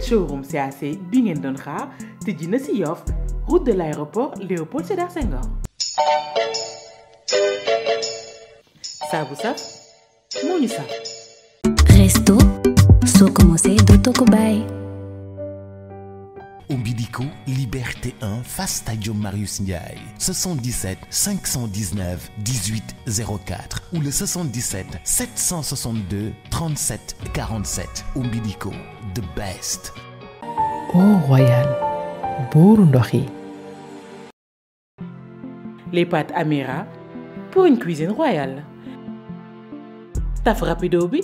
seen showroom CAC bi ngeen doon xaar route de l'aéroport Léopold Sédar Senghor. Ça vous moo ñu resto So commencez c'est Liberté 1, face Stadium Marius Ndiaye. 77 519 1804 ou le 77 762 37 47. Umbilico, the best. Au oh, Royal, Bourundori. Les pâtes Amira pour une cuisine royale. Taf rapido bi,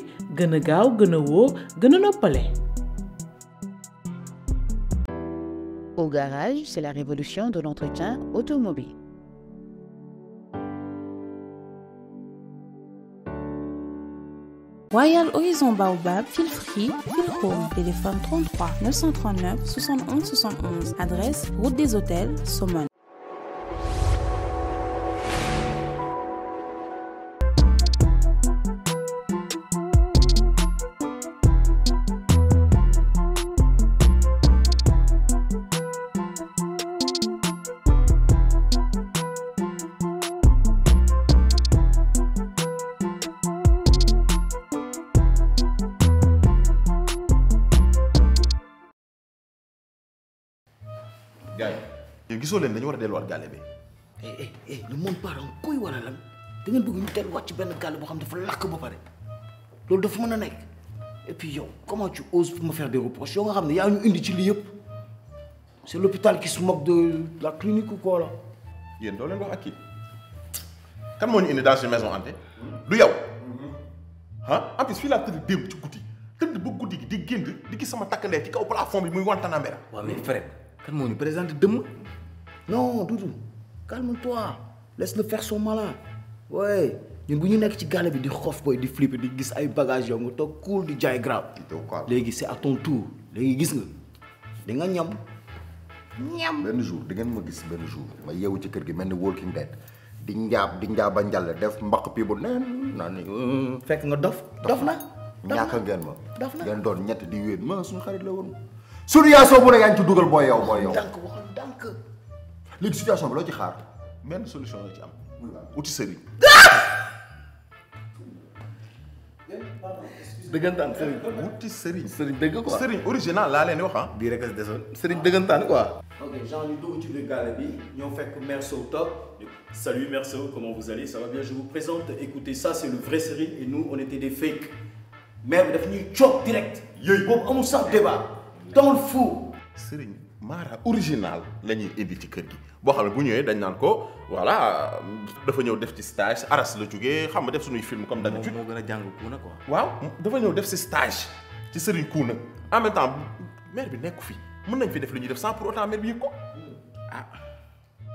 Au garage, c'est la révolution de l'entretien automobile. Royal Horizon Baobab, fil free, home. Téléphone 33 939 71 71. Adresse Route des Hôtels, Saumon. gisoo leen dañu war a delluwaat gaale bi. Eh, eh eh le monde part en couille wala lan da ngeen bëgg ñu delluwaat ci benn gaale bo xam dafa lakk ba paré loolu dafa mën a nekk et puis yow comment tu oses pour me faire des reproches yow nga xam ne yaa ñu indi ci li yépp c'est l'hôpital qui se moque de la clinique ou quoi là. yeen do leen wax ak kii kan moo ñu indi dans une maison hantée du yow ah en plus fi la tëdd dem ci guddi tëdd ba goudi gi di génn di gis sama takk ci kaw plafond bi muy wantanamera. waaw mais frère kan moo ñu présenté dëmm non Doudou calme-toi laisse-le faire son malin ouais nous bu ñu ci gàlle di xof cool grave. c'est à ton tour léegi gis nga di nga ñam. ñam Ben jour di ngeen ma jour ma Walking Dead di njaab di def mbak, pi bu neen naan hum. fekk nga dof dof na. ma dof na ma léegi situation bi loo ci xaar même solution la ci am C'est une dëggantaan sëriñ wuti Série quoi original là leen wax c'est ah. quoi ok Jean Ludo, tu ci biir gaale bi fait commerce au top salut Merci comment vous allez ça va bien je vous présente écoutez ça c'est le vrai série et nous on était des fake mère bi choc direct yooyu boobu amul sax débat dans le fou Série mara original la ñuy indi ci kër gi boo xam ne bu ñëwee dañ naan ko voilà dafa ñëw def ci stage aras la jógee xam nga def suñuy film comme d'habitude moo gën a jàng kuuna quoi. waaw dafa ñëw def ci stage ci sëriñ kuuna en même temps maire bi nekku fi mën nañ fi def lu ñuy def sans pour autant maire bi yëg ko ah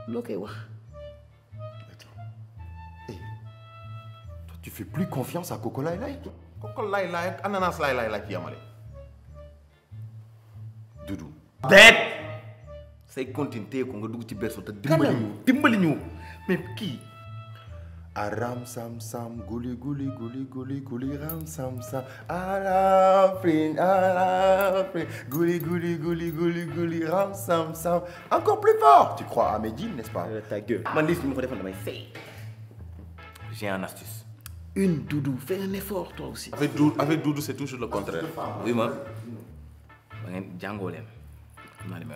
loo koy wax. Eh. toi tu fais plus confiance à Coco Lay Lay. Coco Lay Lay ak ananas Lay Lay laa ci yamale. Doudou. déet say continue téye ko nga dugg ci berceau te dimbali ñu dimbali ñu mais qui? aram sam sam guli guli guli guli guli ram sam sam arafin arafin guli guli guli guli guli ram sam sam encore plus fort tu crois à Medine n'est-ce pas euh, ta gueule man lii su ma ko defoon damay fay j'ai un astuce une doudou fais un effort toi aussi avec doudou c'est toujours le contraire oui ma ba ngeen jàngoo leen xam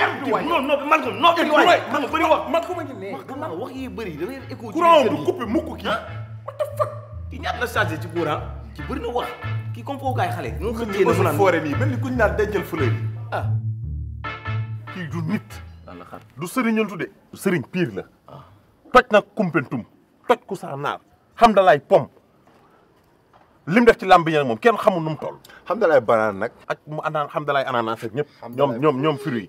merde waay non non man ko non ma ngi ne man wax du coupé mukk ci courant ci bëri na wax kii na naan foore nii mel ni kuñ naan dencal fleur yi ah du nit walla xar du la ah. toj nag kumpentum toj ku saa naar xam dalaay pom lim def ci làmbi nag moom kenn xamul nu mu toll. xam dalaay banaan nag. ak mu anaan xam dalaay ananas ak ñëpp. ñoom ñoom ñoom fruits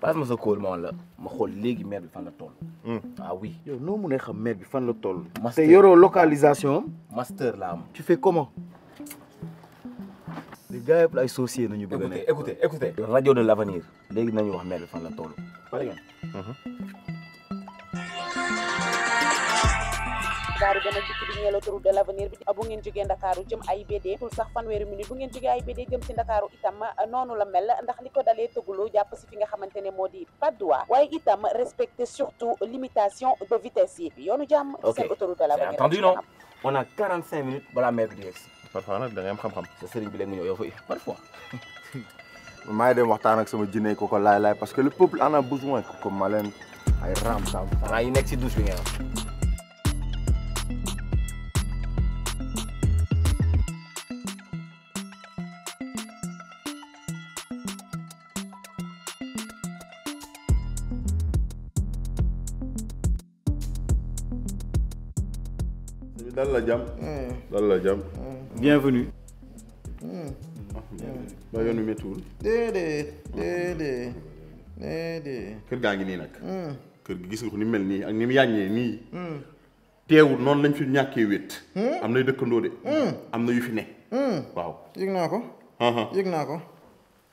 passe ma sa kóol là ma xool légui maire bi fan la toll. Hmm. ah oui yo noo mu a xam maire bi fan la toll. master yoro localisation master la am. tu fais comment. les gars yëpp ay associé nañu bëgg né écoutez écoutez écoutez. radio de l'avenir légui nañu wax maire bi fan la toll. pare hmm daaru gën ci dikk bi de l'avenir bi bu ngeen jógee ndakaaru jëm AIBD tul sax fanweeri minute bu ngeen jógee AIBD jëm ci ndakaaru itam noonu la mel ndax li ko dalee tëggaloo jàpp si fi nga xamante ne moo di Patte waaye itam respecter surtout limitation de vitesse yi yoonu jàmm seen autoroute de l'avenir entendu non on a 45 minutes balaa maire bi di yegsi parfois nag da ngay am xam-xam sa sëriñ bi léegi mu ñëw yow parfois maa ngi dem waxtaan ak sama jinne ko ko laay laay parce que le peuple en a besoin ko ko ma leen ay ram sam xanaa yi nekk si douche bi ngeen wax la jam, hmm. la jam. Hmm. bienvenue. Bienvenue. Bienvenue. Bienvenue. Bienvenue. Bienvenue. Bienvenue. ni mel ni Bienvenue. Bienvenue. Bienvenue.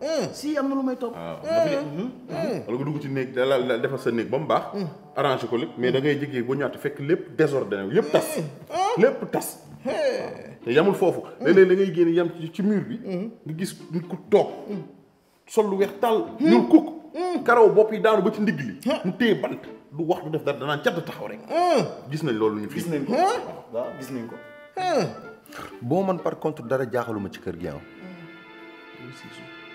Hmm. si am na lu may toog ah, hmm. hmm. wala nga dugg ci néeg da la defal sa néeg ba mu baax. arrangé ko lépp mais da ngay jéggee ba ñaata fekk lépp désordonné yëpp tas. lépp tas. Ah. te yamul foofu. léeg da ngay génn yam ci mur bi. nga gis nit ku toog. sol lu weex tàll. ñuul kukk. karaw bopp yi daanu ba ci ndigg li. mu téye bant du wax du def dara danaa cat taxaw rek. gis nañ loolu ñu fi. gis nañ ko ah, waaw gis nañ ko. boo man par contre dara jaaxaluma ci kër gi ah.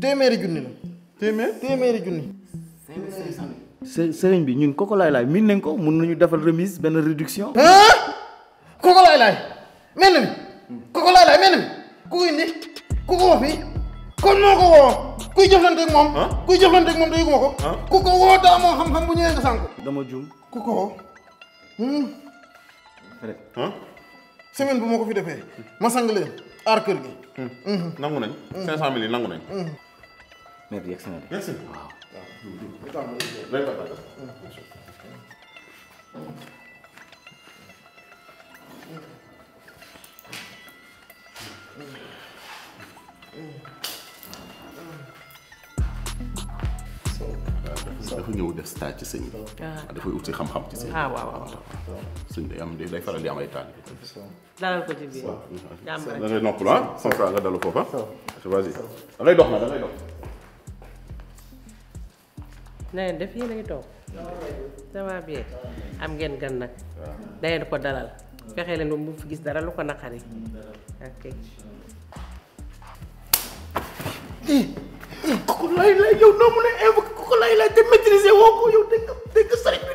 téeméeri junni la. téeméer téeméeri junni. sëriñ bi ñun koko laay laay miin nañ ko mun nañu defal remise benn réduction. Hein? koko laay laay mel na mi koko laay laay mel na mi ku ko indi ku ko fii kon noo ko woo kuy jëflanteeg moom. Hein? kuy jëflanteeg moom te yëguma ko. Hein? ku ko woo daa moo xam-xam bu ñëwee nga sànq. dama juum ku ko woo. Hmm? semaine bu ma ko fi defee ma sang leen aar kër gi. Hmm. Hmm. nangu nañ. 500000 yi nangu nañ merci merci Merci. Merci. de. Merci. Merci. merci.. Merci. Merci. Merci. Merci. Merci. Merci. que Merci. dafay Merci. Merci. Merci. ci Merci. ah Merci. Merci. Merci. Merci. am Merci. Merci. di am ay Merci. Merci. ko Merci. Merci. Merci. Merci. Merci. Merci. Merci. Merci. vas-y da na ngeen def yéen a ngi toog bien am ngeen gan nag da ngeen ko dalal fexe leen bu fi gis dara lu ko naqari ok ko eh, eh, lay lay yow noo mun a invoqué ko lay lay te maîtriser woo ko yow dégg nga dégg sëriñ bi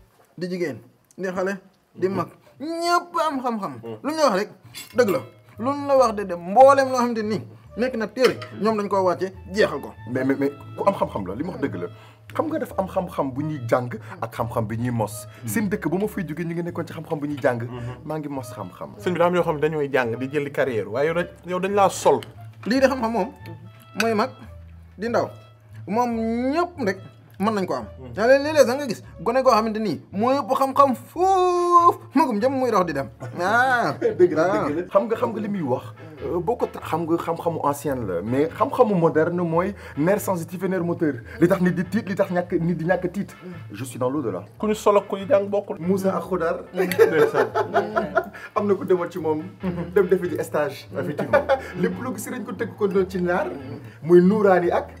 di jigéen di xale di mhm. mag ñëpp am xam-xam mhm. lu ñu wax rek dëgg la lu ñu la wax de dem mboolem loo xamante ni nekk na téere ñoom dañ koo wàcce jeexal ko mais mais mais ku am xam-xam la li ma wax dëgg la xam nga dafa am xam bu ñuy jàng ak xam-xam bi ñuy mos mhm. seen dëkk ba ma fay jógee ñu ngi nekkoon ci xam-xam bu ñuy jàng maa ngi mos xam-xam sëñ bi daa am yoo xam ne dañooy jàng di jëli laa sol lii de xam-xam moom mooy mag di ndaw moom ñëpp rek man nañ ko am daa leen léeg-léeg nga gis gone koo xamante nii moo yëpp xam-xam foof magum jëm moy dox di dem ah dëgg la xam nga xam nga li wax euh, boko xam nga xam-xamu ancienne la mais xam-xamu moderne moy nerf sensitif et nerf moteur li tax ni di tiit li tax ñak nit di ñak tiit je suis dans l'au-delà ku ñu solo ku ñu jàng bokkul Moussa ak Khoudar am na ku demoon ci mom dem defi di stage effectivement lepp lu gis dañ ko tëgg ko do ci nar moy nuuraani ak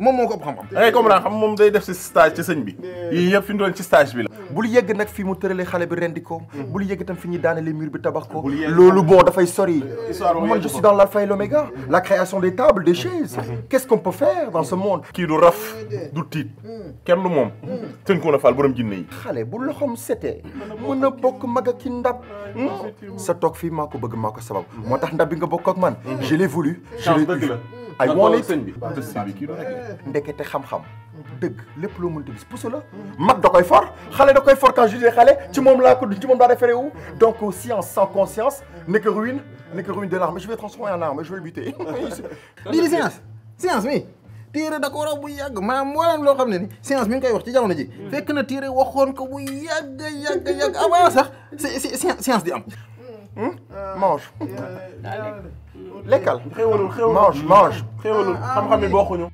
moom moko ko ëpp xam-xam da eh, comprendre xam moom day def ci stage ci sëñ bi yii yëpp fi ñu doon ci stage bi la bul yëgg nak fi mu tëralee xalé bi rendiko hmm. bul yëgg tam fi ñuy les murs bi tabax ko bo bon fay sori Moi je suis dans l'alpha et l'oméga la création des tables des chaises hmm. qu'est-ce qu'on peut faire dans ce monde Qui du raf du tiit hmm. kenn du moom tënkoon a fal borom jinne yi xale bu loxom setee mën a bokk maga ki ndab sa tok fi mako bëgg mako sabab ndab bi nga bokk ak man je l'ai voulu ay moo lay sëñ bi ndekete xam-xam dëgg lépp loo mënta gis pousse la mag da koy for xalé da koy for quand je xalé ci mom la ko ci mom laa référé wu donc euh, science sans conscience n'est que ruine n'est que ruine de l'arme je vais transformer en arme je vais le buter lii di science science mi téere da ko raw bu yàgg maanaam mboolem loo xam ne ni science mi ngi koy wax ci jamono ji hmm. fekk na téere waxoon ko bu yàgg yàgg yàgg avant ah, sax science di am hmm. Hmm? mange euh, lekkal xéwalul xéwalul mange mange xéwalul ah, ah. xam-xam yi bokkuñu